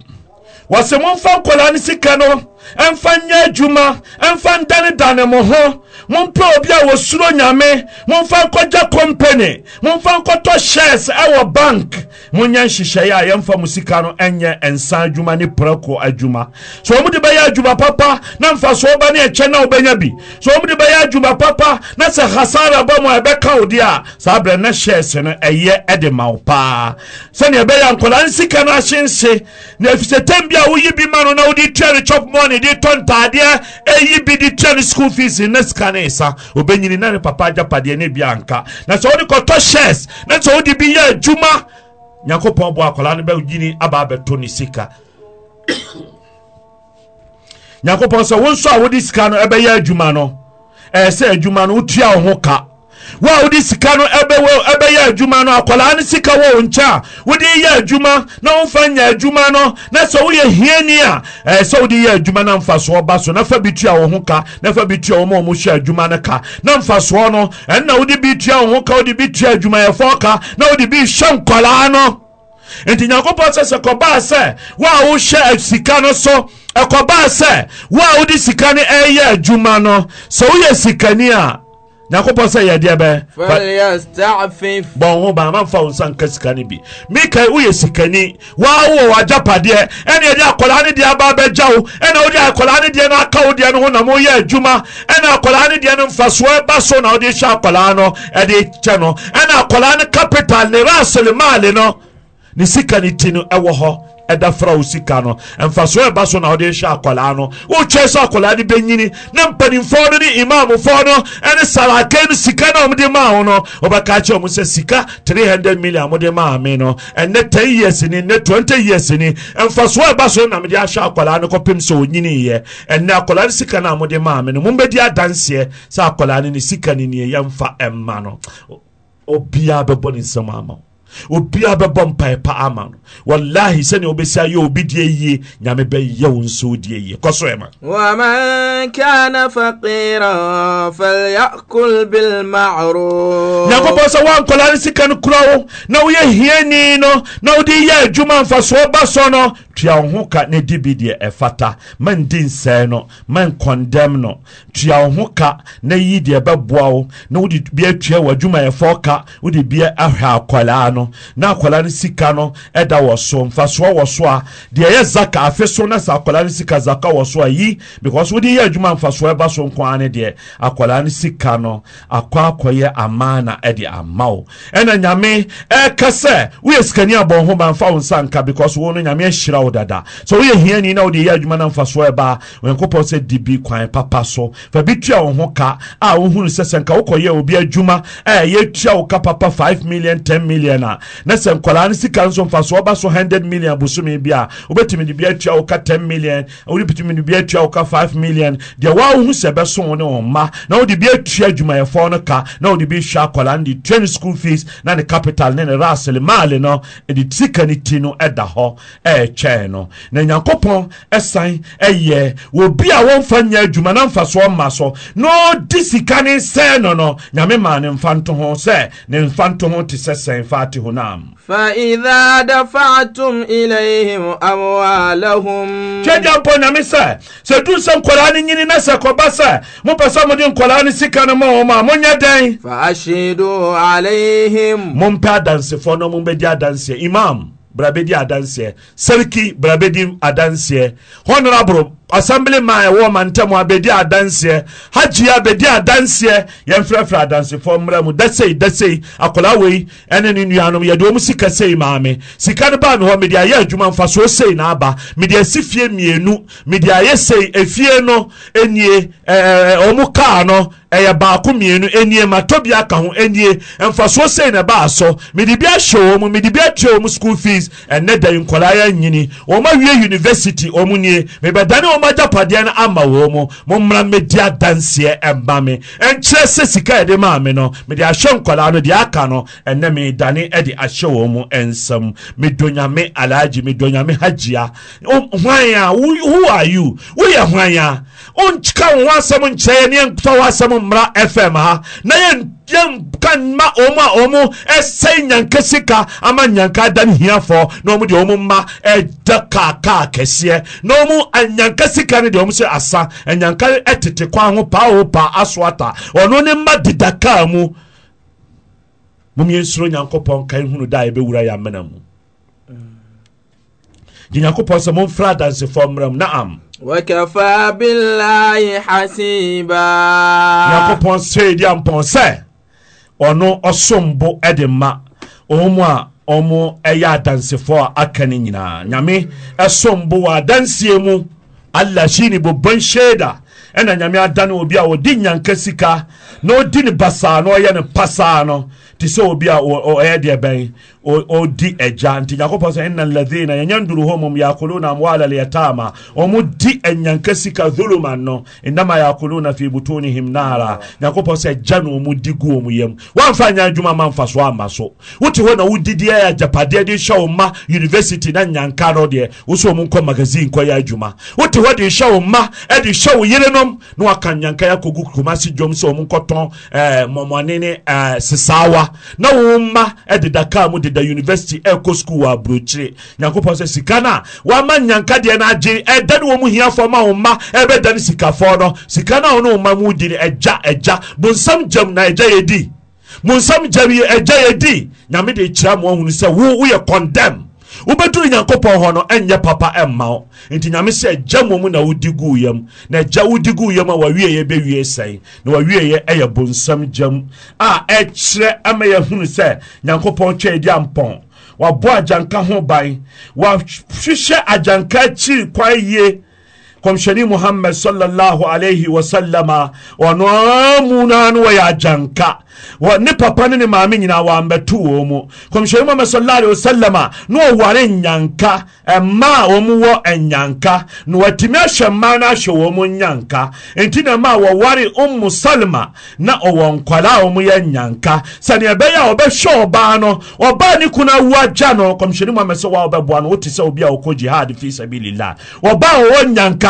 وسمون فان كولاني سكانو ɛmfa nyɛ adwuma ɛmfa ndanedane mo ho mompɛ obi a wɔsuro nyame momfa nkɔgya kompany momfa nkɔtɔ shares ɛwɔ bank monyɛ nhyehyɛeɛ a yɛmfa mo sika no ɛnyɛ nsa adwuma ne prɛko adwuma sɛ ɔmode bɛyɛ adwuma papa na mfasoɔ ba ne ɛkyɛ na wobɛnya bi sɛ ɔmode bɛyɛ adwuma papa na sɛ hasara ba mu a ɛbɛka wo deɛ a saa berɛ na shares no ɛyɛ ɛde ma wo paa sɛneɛ ɛbɛyɛ nkɔla nsika no ahyense na ɛfisɛ tam bi a woyi bi ma no na wode tua chop mɔne ne de tɔ ntaadeɛ ɛyi bi de kyɛ ne school fees ne sika ne nsa obɛnyini na ne papa agyapadeɛ ne bi anka na sɛ wode kɔtɔ shares na sɛ wode bi yɛ adwuma nyankopɔn bɔ akwadaa no bɛgyini aba abɛtɔ ne sika nyankopɔn sɛ wo nso a wode sika no ɛbɛyɛ adwuma no ɛɛ sɛ adwuma no wotua wo ho ka wo a wode sika no ɛbɛyɛ adwuma no akwaraa ne sika wɔ wo nkyɛ a wode yɛ adwuma na womfa nya adwuma no na sɛ woyɛ hiani a ɛɛ eh, sɛ wode yɛ adwuma na mfasoɔ ba so na fa bi tua wo ho ka na fa bi tua wɔ ma wɔ mo hyɛ adwuma no ka eh, na mfasoɔ no ɛnna wode bi tua wo ho ka wode bi tua adwumayɛfoɔ ka na wode bi hyɛ nkwaraa no nti nyankopɔn sɛ sɛ kɔbaa sɛ wo a wohyɛ sika no so ɛkɔbaa sɛ wo a wode sika eh, no ɛyɛ adwuma no sɛ woyɛ sikani a nyankopɔn sɛ yɛdeɛ bɛ bɔn ho ba mamfa wo nsa nka sika no bi mika woyɛ sikani waawo w'agyapadeɛ ɛne ɛde akɔlaa ne deɛ aba bɛgya wo ɛna wode akɔlaa ne deɛ no aka wo deɛ no ho na moyɛ adwuma ɛna akɔlaa ne deɛ no mfasoɔ ɛba so na wode hyɛ akɔlaa no ɛde kyɛ no ɛna akɔlaa no capital ne rasel maale no ne sika no ti no ɛwɔ hɔ ɛda fra wo sika no mfasoɔ ɛba so na wɔde hyɛ akwadaa no wokyɛ sɛ akwadaa no bɛnyini na mpanimfoɔ no ne imamfoɔ no ɛne sarake no sika na wɔde maa wo no wɔbɛka kyerɛ wɔn sɛ sika 300 million wɔde maa me no ɛnɛ 10 years ni ne twenty years ni mfasoɔ ɛba so na wɔde ahyɛ akwadaa no kɔpem sɛ onyiniiɛ ɛnɛ akwadaa no sika na wɔde maa me no mombɛdi adanseɛ sɛ akwadaa no ne sika no nie yɛmfa ɛmma no obiara bɛbɔ ne nsɛm ama wo obiaa bɛbɔ mpae pa ama no wallahi sɛnea wobɛsi ayɛ obi deɛ yie nyame bɛyɛ wo nso deɛ yie kɔ so ɛma nyankopɔn sɛ woankɔla no sika no kura wo na woyɛ hiani no na wode yɛ adwuma mfasoɔ ba sɔ no tua wo ho ka ne di bi deɛ ɛfata mandi nsɛe no mankɔndɛm no tua wo ho ka na yi deɛ ɛbɛboa wo na wode bi atua w'adwumayɛfoɔ ka wode bi ahwɛ akwaraa no na akwaraa no sika no ɛda wɔ so mfasoɔ wɔ so a deɛ ɛyɛ zaka afe so na sɛ akwaraa no sika zaka wɔ so a yi because wode yɛ adwuma mfasoɔ ɛba so nko ara ne deɛ akwaraa no sika no akɔ akɔyɛ amaa na ɛde ama wo ɛna nyame ɛka sɛ woyɛ sikani abɔ ho mamfa wo nsa nka because wo no nyame ahyira wo wo dada sɛ woyɛ hiani na wode yɛ adwuma no mfasoɔ ɛbaa onyankopɔn sɛ di kwan e papa so fa bi tua wo ho ka a wohunu sɛ sɛ nka wokɔyɛ obi adwuma e a wo ka papa 5 million 10 million a na sɛ nkɔlaa no sika nso mfasoɔ ba so 100 million bosome bi a wobɛtumi de bi atua wo ka 10 million wobɛtumi de bi atua wo ka 5 million deɛ woa wohu sɛ ɛbɛso wo ne wo mma na wode bi atua adwumayɛfoɔ e no ka na wode bi hwɛ akɔlaa no de tua school fees na ne capital ne ne rasele maale no ɛde sika no ti no ɛda hɔ ɛɛkyɛ yɛɛ no na nyankopɔn ɛsan ɛyɛ obi a wɔmfa nyɛ adwuma na mfasoɔ mma so na ɔdi sika ne nsɛn no no nyame maa ne mfa nto ho sɛ ne mfa nto ho te sɛ sɛn fa ate honam فإذا دفعتم إليهم أموالهم twɛgya mpo nyame sɛ sɛ du sɛ nkɔlaa no nyini na sɛ kɔba sɛ mopɛ sɛ mode nkɔlaa no sika no ma wɔ ma monyɛ dɛn فأشهدوا عليهم mompɛ adansefoɔ na mombɛdi imam brabɛdi adanseɛ seriki brabɛdi adanseɛ honorable assembly man ɛwɔ ma ntam abɛdi adanseɛ hagye abɛdi adanseɛ yɛmfrɛfrɛ adansefoɔ mmerɛ mu dasei dasei akwadaa wei ɛne ne nuanom yɛde wɔn sika sei maame sika no baa me hɔ mede ayɛ adwuma mfasoɔ sei na aba mede asi fie mmienu mede ayɛ sei efie no e nie ɛɛ wɔn kaa no ɛyɛ e baako mmienu enie matɔbi aka ho enie mfasoɔ sei na ɛbaa so mede bi ahyɛ wɔn mede bi atua wɔn school fees ɛnɛ dan nkwadaa yɛ nyini wɔn awie university wɔn nie mebɛdane wɔn wɔn agyapadeɛ no ama wɔn mu mommra mmɛdi adanseɛ ɛmma me ɛnkyerɛ sɛ sika yɛde maa me no mede ahyɛ nkwadaa no deɛ aka no ɛnɛ medane ɛde ahyɛ wɔn mu ɛnsɛm medonyame alaagye medonyame hagyia hwan a who are you woyɛ hwan a wonka wo ho asɛm nkyerɛ yɛ ne yɛntoa ho asɛm mmra fm ha na yɛn yɛnka mma ɔm a ɔmo ɛsɛe nyanka sika ama nyanka da ne hiafoɔ na ɔmo deɛ ɔmo mma ɛda kaakaa kɛseɛ na ɔmo anyanka sika no deɛ ɔmo sɛ asa anyanka ɛtete kwan ho paa o paa aso ata ɔno ne mma deda kaa mu momyɛ nsuro nyankopɔn kan hunu da a yɛbɛwura yɛ amena mu nti nyankopɔn sɛ momfra adansefoɔ mmerɛ mu naam wakafa billahi hasiba nyankopɔn sɛ di ampɔn sɛ ɔno ɔsombo de ma ɔn mu a ɔmo ɛyɛ adansefoɔ a aka no nyinaa nyame ɛsombo wɔ adanseɛ mu allah shine bobban shaida ɛna nyame adane obi a ɔdi nyanka sika na ɔdi ne basaa na ɔyɛ no pasaa no te sɛ obi a ɔyɛ deɛ bɛn odi ɛgya nti nyankopɔn sɛ inna alladhina yɛnyanduru hɔ mum yakuluna amwala alyatama ɔmo di anyanka sika dhuluman no inama yakuluna fi butunihim nara nyankopɔn sɛ gya no ɔmo di gu ɔmo yam woamfa nya adwuma ma mfa so ama so wote hɔ na wodidiɛ agyapadeɛ de hyɛ wo ma university na nyanka no deɛ wo sɛ ɔmo nkɔ magazine kɔyɛ adwuma wote hɔ de hyɛ wo ma ɛde hyɛ wo yerenom na waka nyanka yɛakɔgu kumase dwom sɛ ɔmo nkɔtɔn mmɔmmɔne ne sesaawa na wo ma ɛdeda kaa mu de deda university ɛkɔ school wɔ aburokyire nyankopɔn sɛ sika no a wama nyanka deɛ no agye ɛda ne wɔ mu hiafoɔ ma wo mma ɛbɛda ne sikafoɔ no sika no a wo ne wo ma mu di no ɛgya ɛgya bonsam gyam na ɛgya yɛdi mo gyam yi ɛgya yɛdi nyame de kyerɛ mo ahunu sɛ wo woyɛ condemn wobɛduru nyankopɔn hɔ no ɛnyɛ papa ɛmma wo nti nyame sɛ gya mmom na wodi guu yam na gya wodi guu yam a wawieɛ bɛwie sɛe na wawieɛ ɛyɛ bonsam gyam a ɛkyerɛ ama yɛhunu sɛ nyankopɔn twɛadi ampɔn wabɔ agyanka ho ban wahwehwɛ agyanka akyiri kwan yie kɔmhyɛni muhammad sallallahu alaihi wasallama ɔno mu naa no wɔyɛ agyanka ne papa no ne maame nyinaa wɔambɛto wɔ mu kɔmhyɛni muhammad sallallahu alaihi wasallama na ɔware nyanka ɛma a wɔn wɔ nyanka na wɔatumi ahyɛ mmaa no ahyɛ wɔn mu nyanka enti na ma wɔware ummu salma na ɔwɔ nkwalaa a wɔn nyanka sɛnea ɛbɛyɛ a ɔbɛhwɛ ɔbaa no ɔbaa ne kunu awu agya no kɔmhyɛni muhammad sɛ wɔa ɔbɛboa no wote sɛ obi a ɔkɔ jihad fi sabilillah ɔbaa ɔwɔ nyanka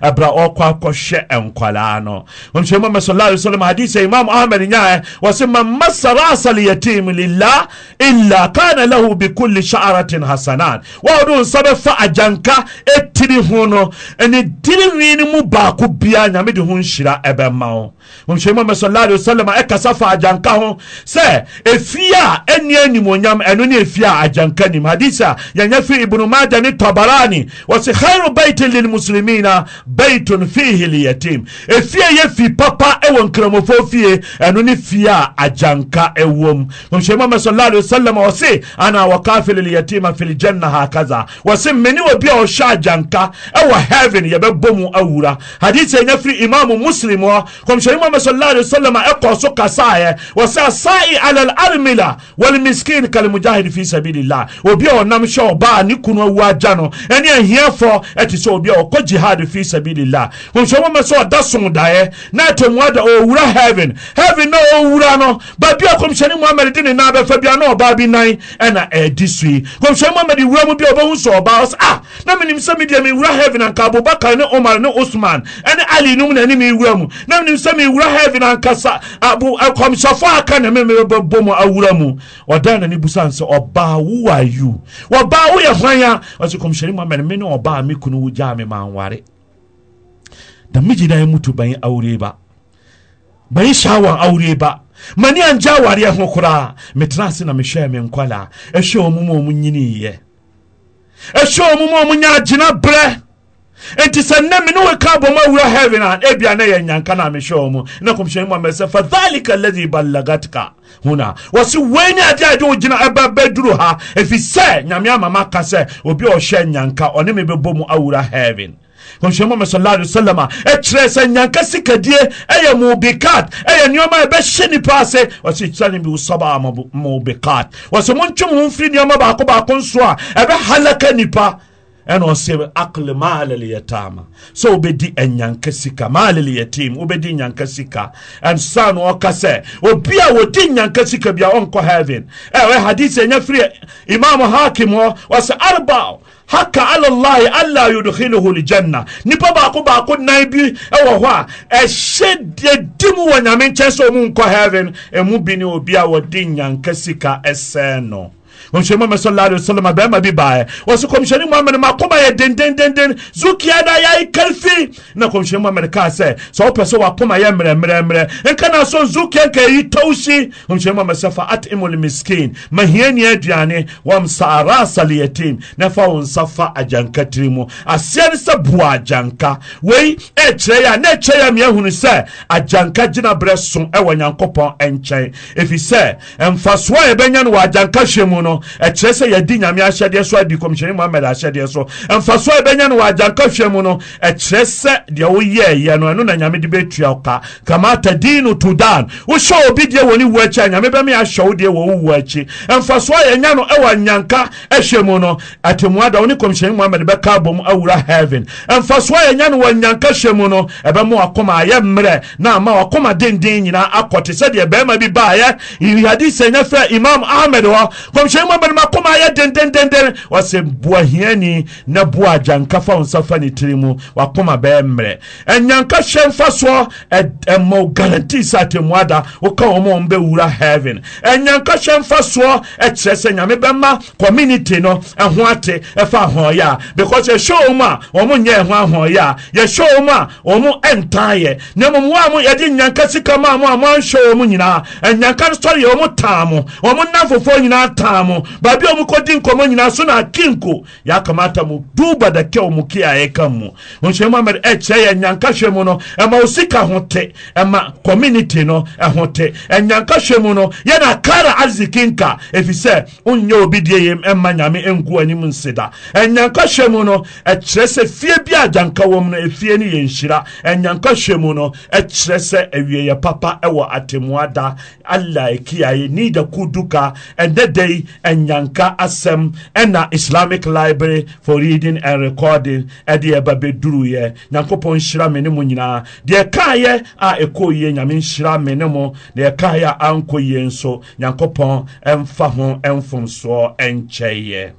ɛbra kɔakɔhwɛ nka n yadi imam ahmad a se mamasarasale yatimu ia ila kah bek saratin hasanat wadensabɛfa aanka tiri h no nediri iin mu baak ba ad ho hyira ɛm y ɛkasa fa aanka ho sɛ fia ne nimnya ɛnone fa aanka ni hadis aya f ibnumaa ne tabarani se hyr baitin lilmuslimina baiton fihilyatim ɛfie yɛ fi papa wɔ nkramɔfo fie ɛno ne fie a ayanka wm ynmms ɔse anwkafil liyatima filjanna hakaza se menibia ɔhyɛ aganka wɔ hven ybɛbɔmu awura hadis ɛnyafri imam muslim kyɛnmm ɛkɔ so kasaɛ se asae alalarmila wlmiskine kalmujahid fsbl bnam hyɛbanknaw aya n nhɛj sabilillah wɔnhyɛmɔ mɛ sɛ ɔda som daeɛ na atɛmua da ɔwura heaven heaven na ɔwura no baabi a kɔmhyɛne muhammad de ne nan bɛfa bia na ɔbaa bi nan ɛna ɛdi so yi kɔmhyɛne muhammad wura mu bi a ɔbɛhu sɛ ɔbaa ɔsɛ ah na mi di mi mewura heaven anka abubakar ne omar ne osman ɛne ali nom na mi mewura mu na menim mi mewura heaven ankasa abo kɔmhyɛfo aka na memebɛbɔ mu awura mu ɔdan na ni busan sɛ ɔbaa who are you wɔbaa woyɛ hwan a ɔsɛ kɔmhyɛne muhammad me ne ɔbaa mi kunu wo gyaa me manware da miji na ya mutu ban aure ba ban yi shawar aure ba mani an ja wariya ho kora metena na mishe me nkwala ɛhwɛ ɔ mu ma ɔmu nyiniiɛ ɛhwɛ ɔ mu ma ɔmu bre enti sɛ nnɛ me ne weka abɔ ma awura heaven a ebia na yɛ nyanka na mehwɛ ɔ mu na kɔmhyɛni mu amɛ fa dhalika alladhi ballagatka huna wɔse wei ne adeɛ a ɛde wo ɛba bɛduru ha ɛfiri e sɛ nyame ama maka sɛ obi a ɔhwɛ nyanka ɔne me bɛbɔ mu awura heaven kɔnhyɛmmɔ mɛ sɔlɔ alaihi wasallam a ɛkyerɛ sɛ nyanka sikadie ɛyɛ mubikat ɛyɛ nneɛma a ɛbɛhyɛ nipa ase wɔsi kyerɛ bi wosɔba mubikat wɔsi montwe mo ho mfiri nneɛma baako baako nso a ɛbɛhalaka nipa ɛneɔsɛ akle mallyatama sɛ wobɛdi ɛnyanka sika malelyatim wobɛdi nyanka sika ɛnsano ɔka sɛ obi a wɔdi nyanka sika bia ɔnkɔ hevin ɛwɛ hadis ɛnya fri imam hakim ɔ wasɛ arba haka alalhi anla yudhiluho aljanna nnipa baakɔ baakɔ nan bi ɛwɔ hɔ a ɛhyɛ ɛdimu wɔ nyame nkyɛn sɛ ɔmu nkɔ hevin ɛmu bine obi a wɔde yanka sika ɛsɛɛno ɔmhyɛni muhammad sallallahu alaihi wasallam bɛrima bi baeɛ ɔsɛ mu muhammad makoma yɛ dendendenden zukia da yɛaye kalfi na mu muhammad kaa sɛ sɛ wopɛ sɛ wakoma yɛ mmerɛmmerɛmmerɛ nka na so zukia nka ɛyi tawsi ɔmhyɛni muhammad sɛ fa atimu lmiskin mahiani aduane sa arasa liyatim na fa wo nsa fa agyanka tiri mu aseɛ e ne sɛ boa agyanka wei ɛkyerɛ yɛ a na ɛkyerɛ yɛ meahunu sɛ agyanka gyina berɛ so e ɛwɔ nyankopɔn e nkyɛn ɛfiri sɛ ɛmfasoɔ a yɛbɛnya no wɔ agyanka hwɛ mu no ɛkyerɛ sɛ yɛdi nyame ahyɛdeɛ so adi kɔmhyɛni mohamad ahyɛdeɛ so mfasoɔ a ɛbɛnya no wɔ agyanka hwɛ mu no ɛkyerɛ sɛ deɛ woyɛɛyɛ no ɛno na nyame de bɛtua wo ka kama tadinu tudan wohyɛ obi deɛ wɔ ne wu akyi a nyame bɛme ahyɛ wo deɛ wɔ wo wu akyi mfasoɔ a yɛnya no ɛwɔ nyanka ɛhwɛ mu no atemmuada wo ne kɔmhyɛni mohamad bɛka abɔm awura heaven mfasoɔ a yɛnya no wɔ nyanka hwɛ mu no ɛbɛma wakoma ayɛ mmerɛ na ama wakoma denden nyinaa akɔte sɛdeɛ bɛrima bi baayɛ yihadi sɛ nyɛ frɛ imam ahmed hɔ kɔmhyɛni ma banima koma ayɛ dendendenden wɔsɛ boa hiani na boa agyanka fa wo tiri mu wakoma bɛyɛ mmerɛ ɛnyanka hyɛ mfa soɔ ɛma wo guarantee sɛ atemmu ada woka wɔ ma wɔn bɛwura heaven ɛnyanka hyɛ mfa soɔ ɛkyerɛ sɛ nyame bɛma community no ɛho ate ɛfa ahoɔyɛ a because yɛhyɛ wɔ mu a wɔn nyɛ ɛho ahoɔyɛ a yɛhyɛ wɔ mu a wɔn ɛntan yɛ na mmom wɔn a mo yɛde nyanka sika maa mo a mo anhyɛ wɔn nyinaa ɛnyanka sɔre yɛ wɔn taa mo wɔn nam fofoɔ nyinaa no baabi a mukɔdi nkɔmmɔ nyinaa so na akenko ya kamata mu duba da kyɛw mu ke a ɛka mu nhyɛ muhammad ɛkyerɛ eh, yɛ nyankahwɛ mu no ɛma wo ho te ɛma community no ɛho te ɛnyankahwɛ mu no yɛna kara aziki nka ɛfiri sɛ wonyɛ obi deɛ yɛ ɛma nyame ɛnku anim nseda ɛnyankahwɛ mu no ɛkyerɛ sɛ fie bi a agyanka wɔ no ɛfie no yɛ nhyira ɛnyankahwɛ mu no ɛkyerɛ sɛ awieyɛ papa ɛwɔ atemmuada ala ɛkiaeɛ nida kuduka ɛnɛ da yi ɛnyanka asɛm ɛna islamic library for reading and recording ɛde ɛba bɛduruyɛ nyankopɔn nhyira me ne mu nyinaa deɛ kaayɛ a ɛkɔ yie nyame nhyira me ne mu deɛ kaayɛ a ankɔ yie nso nyankopɔn ɛmfa ho ɛmfomsoɔ ɛnkyɛeɛ